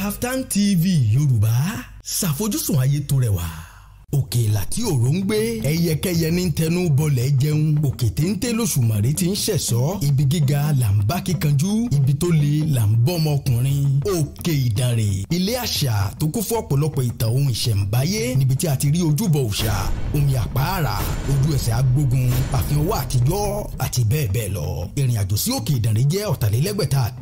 Kaftan TV Yorùbá ṣàfojúsùn ayé tó rẹwà òkèèlà tí òró ń gbé ẹyẹkẹyẹ ní tẹnu bọlẹ̀ jẹun òkè téńté lóṣùmàrè ti ń ṣẹ̀sọ́ ibi gíga là ń bá kíkanjú ibi tó le là ń bọ́mọ ọkùnrin òkè ìdànrè ilé àṣà tó kún fún ọ̀pọ̀lọpọ̀ ìtàn ohun ìṣẹ̀ǹbáyé níbi tí a ti rí ojúbọ òòṣà omi àpáàrà ojú ẹsẹ̀ agbógun àfihàn owó àtijọ́ àti bẹ́ẹ̀ bẹ́ẹ̀ lọ ìrìn àjò sí òkè ìdànrè jẹ́ ọ̀tàlélẹ́gbẹ̀ta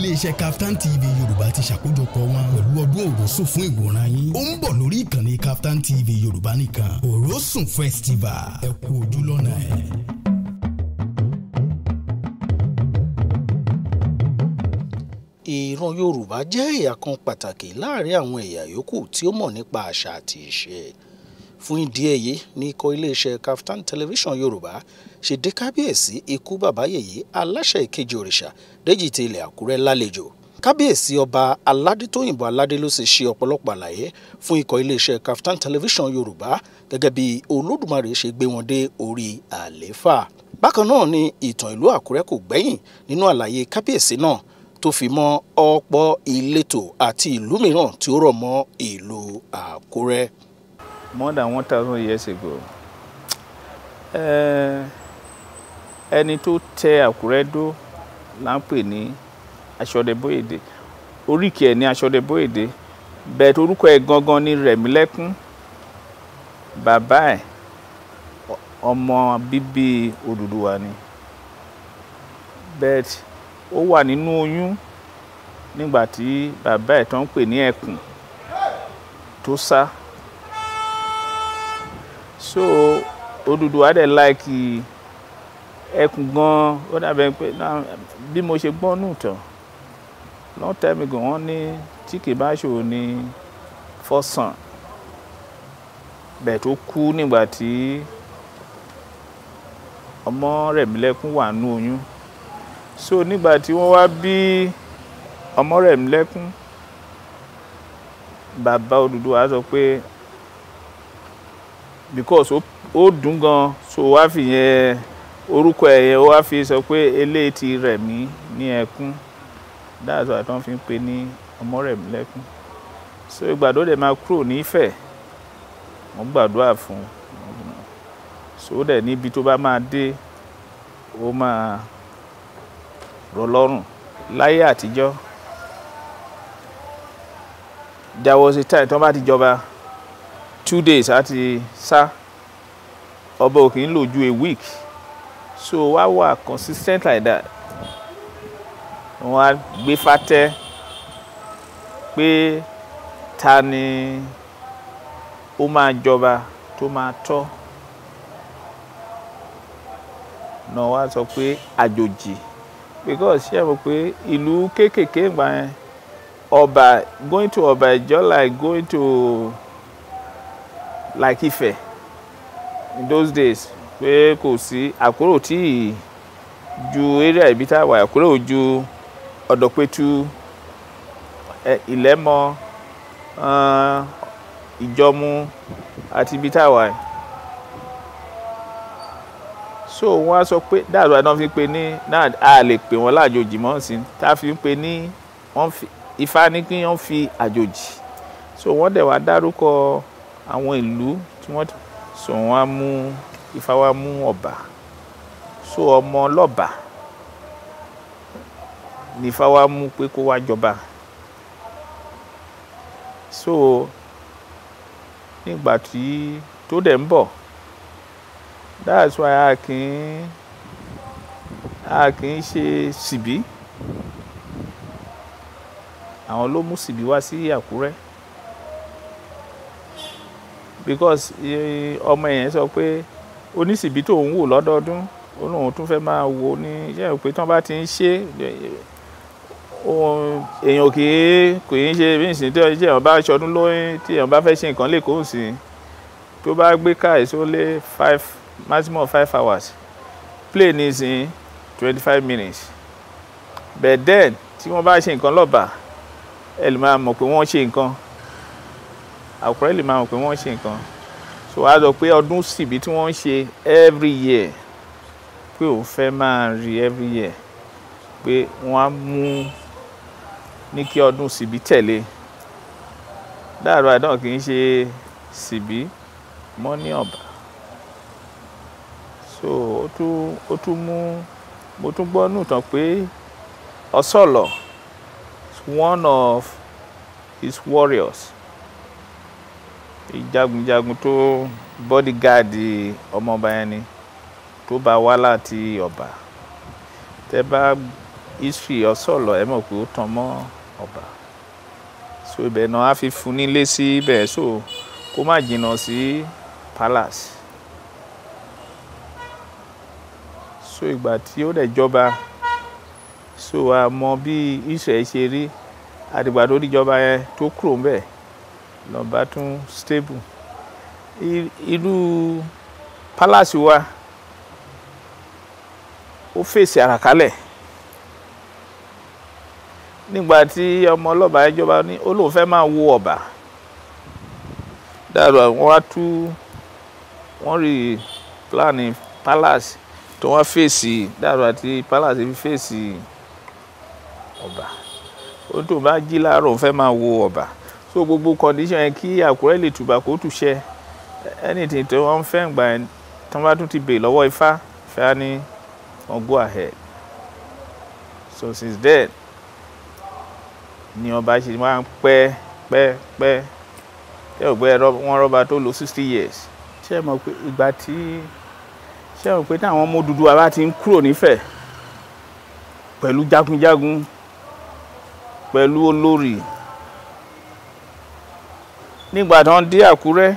iléeṣẹ́ Kaftan TV Yorùbá ti ṣàkójọpọ̀ wọn pẹ̀lú ọdún òròsùn fún ìwòran yín ó ń bọ̀ lórí ìkànnì Kaftan TV Yorùbá nìkan òròsùn festival ẹ kú ojú lọ́nà ẹ̀. ìran Yorùbá jẹ́ ẹ̀yà kan pàtàkì láàrin àwọn ẹ̀yà yòókù tí ó mọ̀ nípa àṣà àti ìṣe fún ìdí èyí ní ikọ̀ iléeṣẹ́ Kaftan Television Yorùbá ṣèdè kábíyèsí ikú bàbá yèyé aláṣẹ ìkejì òrìṣà déjì ti ilẹ̀ àkúrẹ́ lálejò kábíyèsí ọba aládétóyìnbó aládé ló sì ṣe ọ̀pọ̀lọpọ̀ àlàyé fún ikọ̀ iléeṣẹ́ Kaftan television yorùbá gẹ́gẹ́ bí olódùmarè ṣe gbé wọn dé orí àléfà bákan náà ni ìtàn ìlú àkúrẹ́ kò gbẹ́yìn nínú àlàyé kábíyèsí náà tó fi mọ́ ọ̀pọ̀ ìletò àti ìlú mìíràn tí ó rọ̀ mọ́ ìlú àkúrẹ́. more than one thousand years ago. Uh ẹni tó tẹ àkúrẹ́ dó là ń pè ní aṣọ́dẹbóyèdè oríkì ẹ̀ ní aṣọ́dẹbóyèdè bẹ́ẹ̀ torúkọ ẹ̀ gangan ní rẹ̀mílẹ́kún bàbá ẹ̀ ọmọ bíbí Odùduwà ni bẹ́ẹ̀ ó wà nínú oyún nígbà tí bàbá ẹ̀ tó ń pè ní ẹkùn tó sá so Odùduwà dẹ̀ láìkì. Like ẹkùn gan ó dàbẹ̀ pé bí mo ṣe gbọ́ nùtàn long time ago wọ́n ní tí kì bá ṣòro ní fọ́sàn bẹ̀ tó kú nígbà tí ọmọ Rẹ̀mílẹ́kún wà nú oyún so nígbà tí wọ́n wá bí ọmọ Rẹ̀mílẹ́kún bàbá Odùduwà sọ pé because ó dùn gan so wá fìyẹn orúkọ ẹ̀yẹ wá fi sọ pé eléyìí ti rẹ̀ mí ní ẹkún dáàtọ̀ àtọ́ fi ń pè ní ọmọ rẹ̀ mí lẹ́kún so ìgbà dẹ̀ máa kúrò nífẹ̀ẹ́ mo gbàdúrà fún un so dẹ̀ níbi tó bá máa dé ó máa rọ̀ lọ́rùn láyé àtijọ́ there was a time tí wọ́n bá ti jọba two days àti sá ọba òkè ń lò ju a week so wá wà consistent like that wọ́n á gbé fatẹ́ pé ta ni ó máa jọba tó máa tọ́ náà wá sọ pé àjòjì because ṣé ẹ mọ̀ pé ìlú kéékèèké gbà yẹn ọba going to ọba ìjọ like going to like ife. in those days pé kò sí àkúrò tí ju area ibi tá a wà àkúrò ju ọ̀dọ̀pẹ̀tù ìlẹ́mọ eh, ìjọmu àti ibi tá a wà so wọn á sọ pé dáàbò àná fi pe ní náà a lè pè wọn láàjòjì mọ́ sí tá a fi pe ní ifá ní kí wọ́n fi àjòjì so wọ́n dẹ̀ wá dárúkọ àwọn ìlú tí wọ́n so wọ́n á mú. Ifá wa mú ọ̀bà so ọmọ ọlọ́ba ni Ifá wa mú pé kó wá jọba so nígbà tí tó dẹ̀ ń bọ̀ that's why a kì í a kì í ṣe síbí àwọn ló mú síbí wá sí Àkúrẹ́ because eh, ọmọ yẹn sọ pé oníṣìbí tó ń wò lọ́dọọdún olóhùn tún fẹ́ máa wò ní iṣẹ́ òpè tán bá ti ń ṣe èèyàn kì í kò í ṣe bí ìsìn tí èèyàn bá ṣọdún lóyún tí èèyàn bá fẹ́ ṣe nǹkan lè kó sí tó bá gbé káì tó lé five maximum five hours play ní ìsìn twenty five minutes but then tí wọ́n bá ṣe nǹkan lọ́ba ẹ lè máa mọ̀ pé wọ́n ṣe nǹkan àkùrẹ́ lè máa mọ̀ pé wọ́n ṣe nǹkan so a sọ pé ọdún síbi tí wọ́n ń ṣe every year pé òun fẹ́ máa rí every year pé wọ́n á mú ní kí ọdún síbi tẹ̀lé dáàrú àdán kì í ṣe síbi mọ́ ní ọ̀bà so ó tún ó tún mú mo tún gbọ́ nù tán pé Osolo is one of his warriors ìjagunjagun tó bọ́dígáàdì ọmọọba yẹn ni tó bá wá láti ọba tẹ bá history ọsọlọ ẹ mọ̀ pé ó tàn mọ́ ọba so ibẹ̀ náà á fi fún nílé sí ibẹ̀ so kó má jìnnà sí palace so ìgbà tí ó dẹ̀ jọba so a mọ̀ bí Israel ṣe rí àdìgbà tó dìjọba yẹn tó kúrò ń bẹ̀ lọ́ba tún stable irú palace wa ó fèsì àràkálẹ̀ nígbà tí ọmọ ọlọ́ba ìjọba ní ó lóun fẹ́ máa wo ọ̀bà dáadáa wọ́n wá tú wọ́n rí pílánì palace tó wọ́n fèsì dáadáa tí palace fi fèsì ọ̀bà ó tó bá jí láàárọ̀ òun fẹ́ máa wo ọ̀bà so gbogbo condition yẹn kí Àkúrẹ́ lè tùbà kó tùṣẹ anything tí wọ́n ń fẹ́ gbà yẹn tí wọ́n bá tún ti bè lọ́wọ́ Ifá Ifá ní on go ahead so since then ni ọba ṣe máa ń pẹ́ pẹ́ pẹ́ ṣé ò gbé wọn rọ́bà tó lò sixty years ṣé ẹ mọ̀ pé ìgbà tí ṣé ẹ mọ̀ pé táwọn ọmọ dúdú wa bá ti ń kúrò nífẹ̀ẹ́ pẹ̀lú jagunjagun pẹ̀lú olórí nígbà tó ń dé àkúrẹ́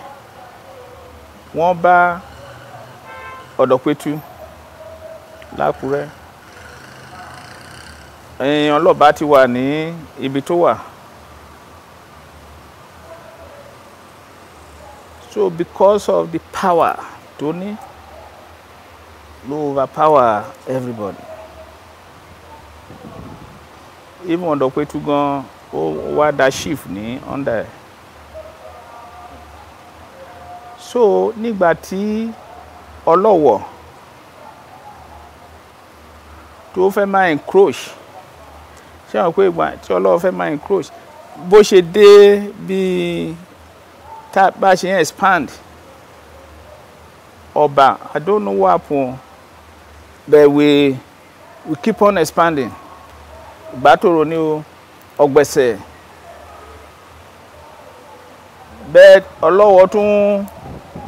wọ́n bá ọ̀dọ̀pẹ̀tù lákúrẹ́ èèyàn ọlọ́ba ti wà ní ibi tó wà so because of the power tó ní ló overpower everybody even ọ̀dọ̀pẹ̀tù gan ó wá da chief ní under ẹ̀. so nígbà tí ọlọ́wọ̀ tó fẹ́ máa encroach ṣé àwọn pé ìgbà tí ọlọ́wọ̀ fẹ́ máa encroach bó ṣe dé bíi tá bá ṣe ń expand ọba I don't know what happen but we we keep on expanding gbàtòrò ni o ọgbẹ̀sẹ̀ bẹ́ẹ̀ ọlọ́wọ́ tún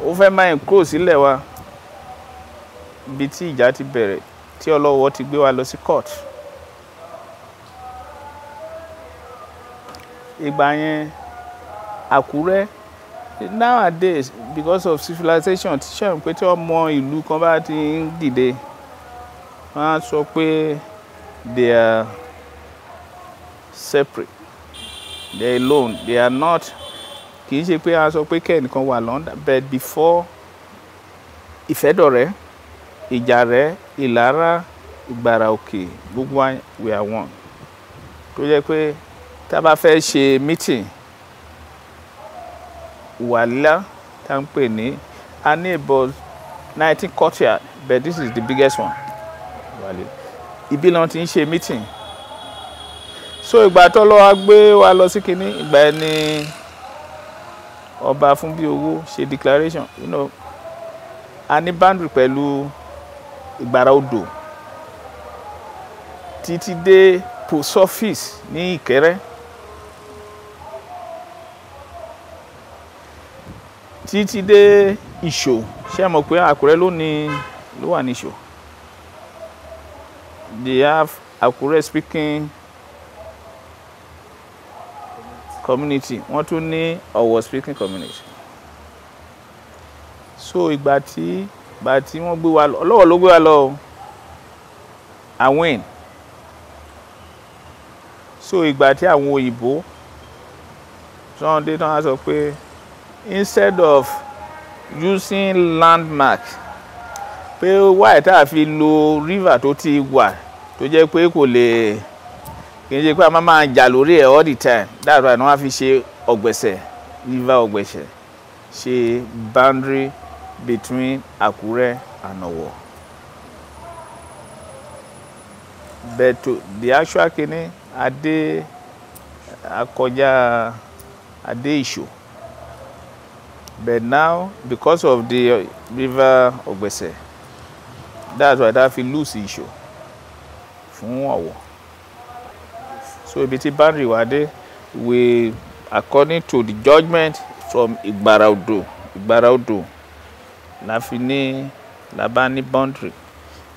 ó fẹ́ máa ń kúrò sílẹ̀ wa ibi tí ìjà ti bẹ̀rẹ̀ tí ọlọ́wọ́ ti gbé wa lọ sí court. ìgbà yẹn Àkúrẹ́ nowadays because of civilization ti ṣe pé tí ọmọ ìlú kan bá ti ń dìde wọ́n á sọ pé they are separate they alone they are not kì í ṣe pé a sọ pé kẹ́nìkan wà lọ́ndà but before ìfẹ́dọ̀rẹ́ ìjàrẹ́ ìlara ìgbàrà òkè gbogbo we are one tó jẹ́ pé tá a bá fẹ́ ṣe meeting wàhálà tá a ń pè ní a ní about nineteen courtyard but this is the biggest one ibi náà ti ń ṣe meeting so ìgbà tó lọ́wọ́ gbé wa lọ sí kínní ìgbà ẹni ọba fún bí owó ṣe declaration you know a ní boundary pẹ̀lú ìgbàrá odò títí dé post office ní ìkẹrẹ títí dé ìṣò ṣé ẹ mọ̀ pé àkúrẹ́ ló ní ló wà ní ìṣò they have àkúrẹ́ speaking community wọ́n tún ní ọ̀wọ̀ speaking community so ìgbà tí ìgbà tí wọ́n gbé wa lọ ọlọ́wọ̀ ló gbé wa lọ àwìn so ìgbà tí àwọn òyìnbó sunday náà sọ pé instead of using landmark pé wáyé tá a fi lo river tó ti wà tó jẹ́ pé kò lè kì í ṣe pé a máa máa jà lórí ẹ̀ all the time that's why wọ́n á fi ṣe ọ̀gbẹ̀sẹ̀ river ọ̀gbẹ̀sẹ̀ ṣe boundary between Àkúrẹ́ and Ọ̀wọ̀ but the actual kini adé akọjá adé ìṣó but now because of the river Ogbese that's why that fi lose ìṣó fún Ọ̀wọ̀ so ibi tí boundary wa dé we according to the judgement from Ìgbàrà Odò Ìgbàrà Odò la fi ní la bá ní boundary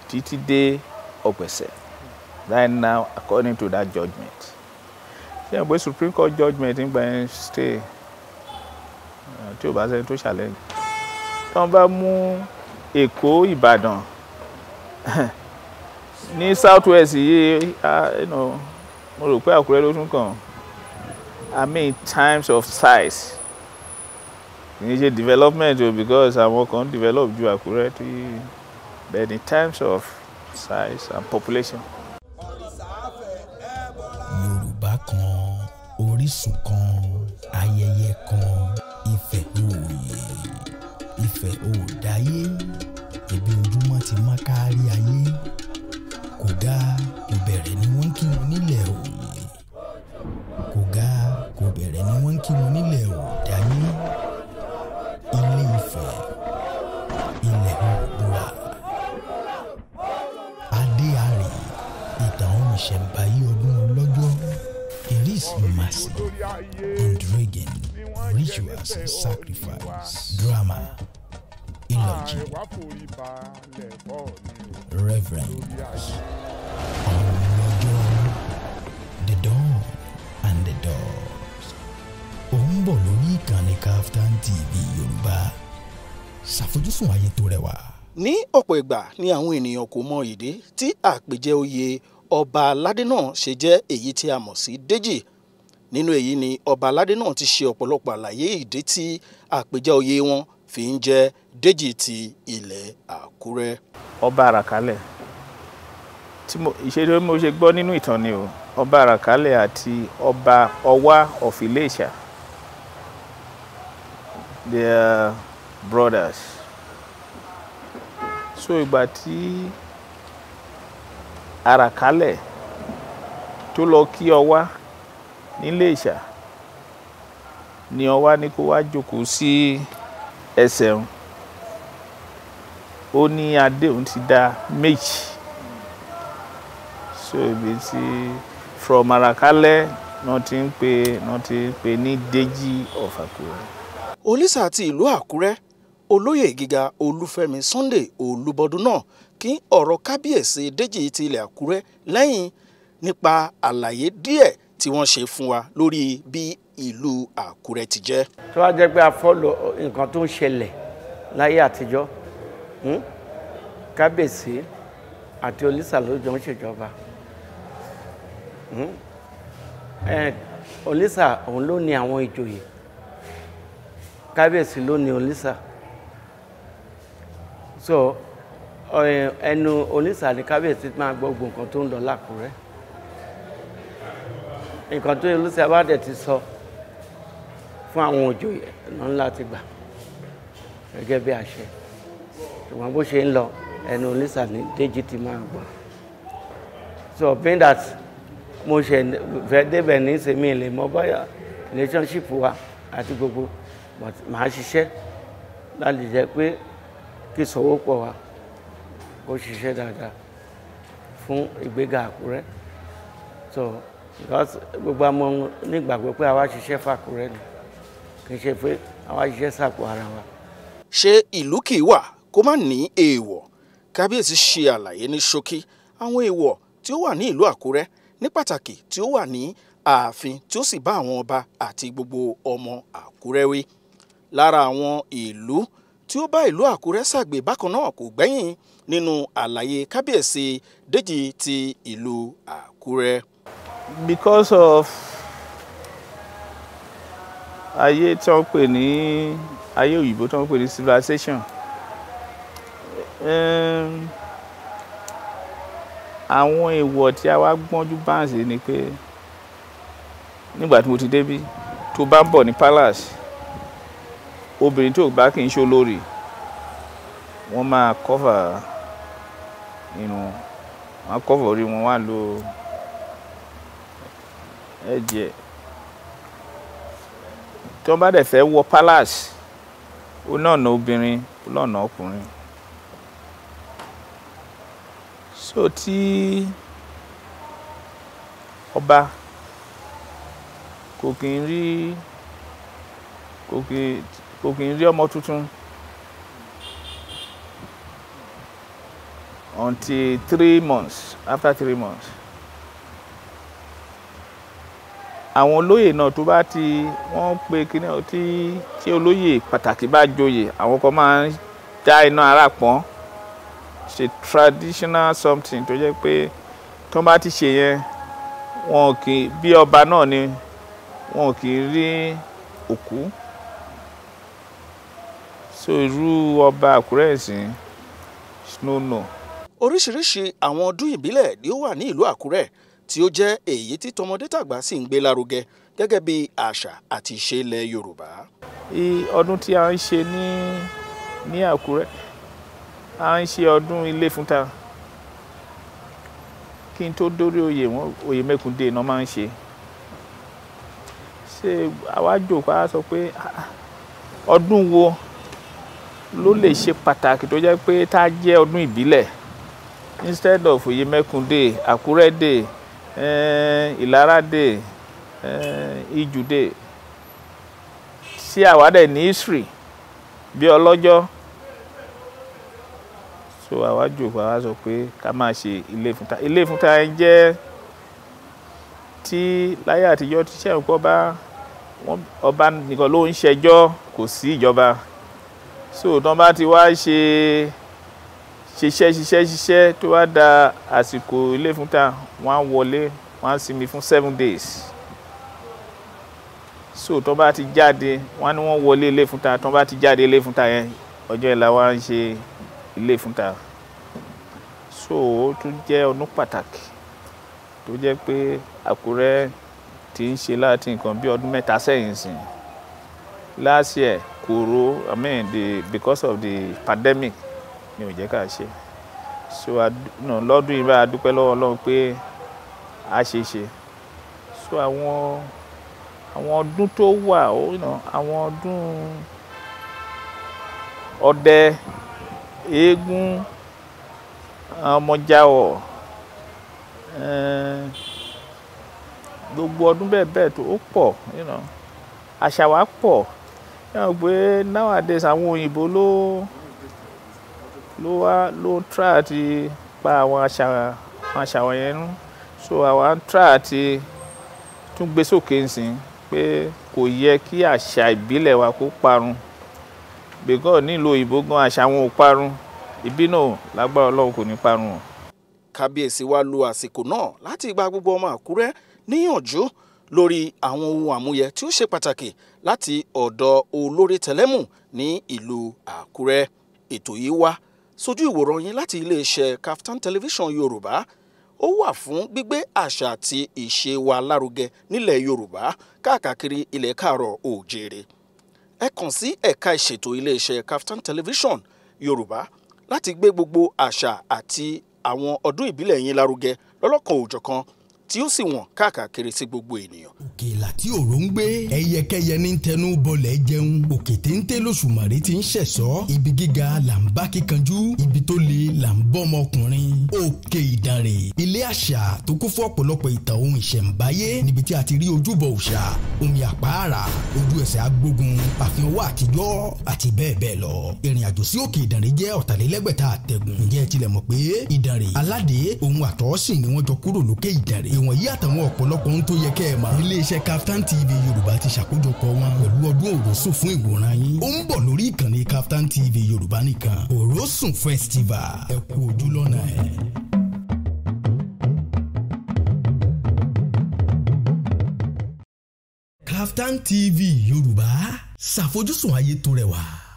títí dé Ọ̀pẹ̀sẹ̀ right now according to that judgement ṣé ẹ̀ pé Supreme Court judgement nígbà yẹn stay tí ò bá sẹ́ni tó challenge tí wọ́n bá mú Èkó Ìbàdàn ní south west yìí ah, mo rò pé àkúrẹ́ ló tún kàn i mean times of size kì í ṣe development o because àwọn kan develop ju àkúrẹ́ tí but in times of size and population. yorùbá kan orísun kan ayẹyẹ kan ìfẹ́ òòyè ìfẹ́ òòdáyé ibi ojúmọ́ ti má kárí ayé kògá kò bẹ̀rẹ̀ ni wọ́n ń kí wọn nílẹ̀ òye kògá kò bẹ̀rẹ̀ ni wọ́n ń kí wọn nílẹ̀ òdání ilé Ifẹ̀ ilẹ̀ òbúra adé àrè ìtàn ohun ìṣẹ̀ǹbáyé ọdún ọlọ́jọ́ eris masi and reggae rituals and sacrifice drama ìlọ̀jì. Reverend. Ọlọ́jọ́ The Dawn and the Doors. Ó ń bọ̀ lórí ìkànnì Kaftan TV Yorùbá. Ṣàfojúsùn ayé tó rẹwà. Ní ọ̀pọ̀ ìgbà ni àwọn ènìyàn kò mọ ìdí tí àpèjẹ oyè ọba aládé náà ṣe jẹ́ èyí tí a mọ̀ sí Déjì nínú èyí ni ọba aládé náà ti ṣe ọ̀pọ̀lọpọ̀ àlàyé ìdí tí àpèjẹ oyè wọn fi ń jẹ́ Déjì ti ilẹ̀ Àkúrẹ́. ọba àràkálẹ̀ tí mo ìṣeré mo ṣe gbọ́ nínú ìtàn ni o ọba àràkálẹ̀ àti ọba ọwá of they are brothers so ìgbà tí àràkálẹ̀ tó lọ kí ọwá nílé ìṣà ni ọwá ní kó wá jókòó sí. Si, ẹsẹ̀ ń ó ní adéhùn ti dá méjì so ibi tí from Arakalẹ̀ náà ti ń pè náà ti ń pè ní Déjì of Àkúrẹ́. onísà ti ìlú Àkúrẹ́ olóyè gíga Olúfẹ́mi Sunday Olúbọdún náà kí ọ̀rọ̀ kábíyèsí Deji ti ilẹ̀ Àkúrẹ́ lẹ́yìn nípa àlàyé díẹ̀ tí wọ́n ṣe fún wa lórí bí ìlú Àkúrẹ́ ti jẹ́. tó bá jẹ́ pé a fọ́lọ̀ nǹkan tó ń ṣẹlẹ̀ láyé àtijọ́ hmm, kábíyèsí àti olísà ló jọ ń ṣèjọba hmm, olísà òun ló ní àwọn ìjòyè kábíyèsí ló ní olísà so ẹnu olísà ni kábíyèsí máa gbọ́ gbogbo nǹkan tó ń lọ lákùrẹ́ nǹkan tó olísà bá dẹ̀ ti sọ. So, fún àwọn òjòyè náà láti gbà gẹ́gẹ́ bí àṣẹ ṣùgbọ́n bó ṣe ń lọ ẹnu onísà ní déjì ti máa gbọ́ so being that mo ṣe fẹ́ débẹ̀ ní ìsinmi ilé mọ́ báyà relationship wa àti gbogbo but màá ṣiṣẹ́ láti jẹ́ pé kí ìṣòwò pọ̀ wa ó ṣiṣẹ́ dáadáa fún ìgbéga Àkúrẹ́ so because gbogbo àwọn nígbàgbọ́ pé àwa ṣiṣẹ́ fàkúrẹ́ ni kì í ṣe pé àwa ṣiṣẹ́ sàpò ara wa. ṣé ìlú kì í wà kó má ní èèwọ̀ kábíyèsí ṣe àlàyé ní ṣókí àwọn èèwọ̀ tí ó wà ní ìlú àkúrẹ́ ní pàtàkì tí ó wà ní ààfin tí ó sì bá àwọn ọba àti gbogbo ọmọ àkúrẹ́ wí lára àwọn ìlú tí ó bá ìlú àkúrẹ́ ṣàgbé bákan náà kò gbẹ́yìn nínú àlàyé kábíyèsí Déjì ti ìlú àkúrẹ́. because of ayé tó ń pè ní ayé òyìnbó tó ń pè ní civilization àwọn èèwọ̀ tí a wá gbọ́njú báǹsì ni pé nígbà tí mo ti débí tó bá ń bọ̀ ní palace obìnrin tó bá kì í ṣe olórí wọ́n máa cover irun wọ́n á cover orí wọn wá lo ẹ̀jẹ̀ tí wọ́n bá dẹ̀ fẹ́ wọ palace ó lọ́nà obìnrin ó lọ́nà ọkùnrin so tí ọba kò kì í rí kò kì í kò kì í rí ọmọ tuntun until three months after three months. àwọn olóyè náà tó bá ti wọ́n pe kíní tí tí olóyè pàtàkì bá joyè àwọn kan máa ń dá iná ara pọ́n ṣe traditional something tó jẹ́ pé tó bá ti ṣe yẹn wọn kì í bí ọba náà ni wọn kì í rí òkú so irú ọba Àkúrẹ́ ìsìn snow no. oríṣiríṣi àwọn ọdún ìbílẹ̀ ni ó wà ní ìlú Àkúrẹ́ tí ó jẹ́ èyí tí tọmọdé tàgbà sì ń gbé lárugẹ gẹ́gẹ́ bí àṣà àti ìṣe ilẹ̀ Yorùbá. ọdún tí a ń ṣe ní ní Àkúrẹ́ a ń ṣe ọdún ilé fúnta kí n tó dórí oyè wọn oyè mẹ́kúndé iná máa ń ṣe ṣé àwa a sọ pé ọdún wo ló lè ṣe pàtàkì tó jẹ́ pé tá a jẹ́ ọdún ìbílẹ̀ instead of oyè mẹ́kúndé Àkúrẹ́ dé. Eh, Ìlara Day eh, Ijù Day sí àwádẹ̀ ní history bí ọlọ́jọ́ so àwájú wa wá sọ pé ká máa ṣe ilé ìfúnta ilé ìfúnta yẹn jẹ́ tí láyé àtijọ́ tí sẹ́yìn kọ́ bá ọba nìkan ló ń ṣẹjọ́ kò sí ìjọba so tán bá ti wá ṣe ṣiṣẹ́ ṣiṣẹ́ ṣiṣẹ́ tó wá da àsìkò ilé fún ta wọ́n á wọlé wọ́n á sinmi fún seven days so tó bá ti jáde wọ́n á ní wọ́n wọlé ilé fún ta tó bá ti jáde ilé fún ta yẹn ọjọ́ ìlà wa ń ṣe ilé fún ta so ó tún jẹ́ ọdún pàtàkì tó jẹ́ pé Àkúrẹ́ ti ń ṣe láti nǹkan bí ọdún mẹ́ta sẹ́yìn sìn last year kòró I mean the because of the pandemic ni ò jẹ́ ká ṣe so lọ́dún yìí bá a dúpẹ́ lọ́wọ́ Ọlọ́run pé a ṣe ṣe so àwọn àwọn ọdún tó wà àwọn ọdún ọdẹ eégún ọmọjàwọ eh, gbogbo ọdún bẹ́ẹ̀ bẹ́ẹ̀ tó pọ̀ àṣà pọ̀ yẹn pé nowadays àwọn òyìnbó ló. You know, ló wá ló ń tra àti pa àwọn àṣà àwọn àṣà wọ̀nyẹn nú so àwa ń tra àti tún gbé sókè nsìn pé kò yẹ kí àṣà ìbílẹ̀ wa kó parun bẹ́gọ́ nílò òyìnbó gan àṣà wọn ò parun ìbí náà lágbára ọlọ́run kò ní parun kábíyèsí wa lo àsìkò náà láti gba gbogbo ọmọ àkúrẹ́ níyànjú lórí àwọn ohun àmúyẹ tí ó ṣe pàtàkì láti ọ̀dọ̀ olórí tẹlẹ́mù ní ìlú àkúrẹ́ ètò yìí wá sójú ìwòran yín láti iléeṣẹ́ Kaftan television yorùbá ó wà fún gbígbé àṣà àti ìṣe wa lárugẹ nílẹ̀ yorùbá káàkiri ilẹ̀ káàrọ̀ oòjíire ẹ kàn sí ẹ̀ka ìṣètò iléeṣẹ́ Kaftan television yorùbá láti gbé gbogbo àṣà àti àwọn ọdún ìbílẹ̀ yín lárugẹ lọ́lọ́kan òòjọ̀kan tí ó sì wọ̀n káàkiri sí gbogbo ènìyàn. òkèlà tí òró ń gbé ẹyẹkẹyẹ ní tẹnu bọlẹ̀ jẹun òkè téńté lóṣùmàrè ti ń ṣẹ̀sọ́ ibi gíga là ń bá kíkanjú ibi tó le là ń bọ́ ọmọkùnrin òkè ìdànrè ilé àṣà tó kún fún ọ̀pọ̀lọpọ̀ ìtàn ohun ìṣẹ̀ǹbáyé níbi tí a ti rí ojúbọ òòṣà omi àpáàrà ojú ẹsẹ̀ agbógun àfihàn owó àtijọ́ àti bẹ́ẹ̀ bẹ́ẹ̀ lọ ìrìn àjò sí òkè ìdànrè jẹ́ ọ̀tàlélẹ́gbẹ̀ta àtẹ̀gùn ǹjẹ́ ẹ tilẹ̀ mọ̀ pé ìdànrè aládé òun àtọ́ ni wọ́n jọ kúrò lókè ìdànrè ìwọ̀nyí àtàwọn ọ̀pọ̀lọpọ̀ ohun tó yẹ kẹ́ ẹ̀ mà. Kaftan TV Yoruba ti ṣàkójọpọ̀ wọn pẹ̀lú ọdún òròsùn fún ìwòran yín. ó ń bọ̀ lórí ìkànnì Kaftan TV Yorùbá nìkan òròsùn festival ẹ ojú lọ́nà ẹ̀. Kaftan TV Yorùbá ṣàfojúsùn ayé tó rẹwà.